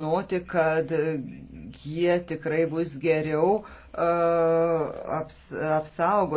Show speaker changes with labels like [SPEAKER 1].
[SPEAKER 1] žinoti, kad jie tikrai bus geriau uh, aps, apsaugoti.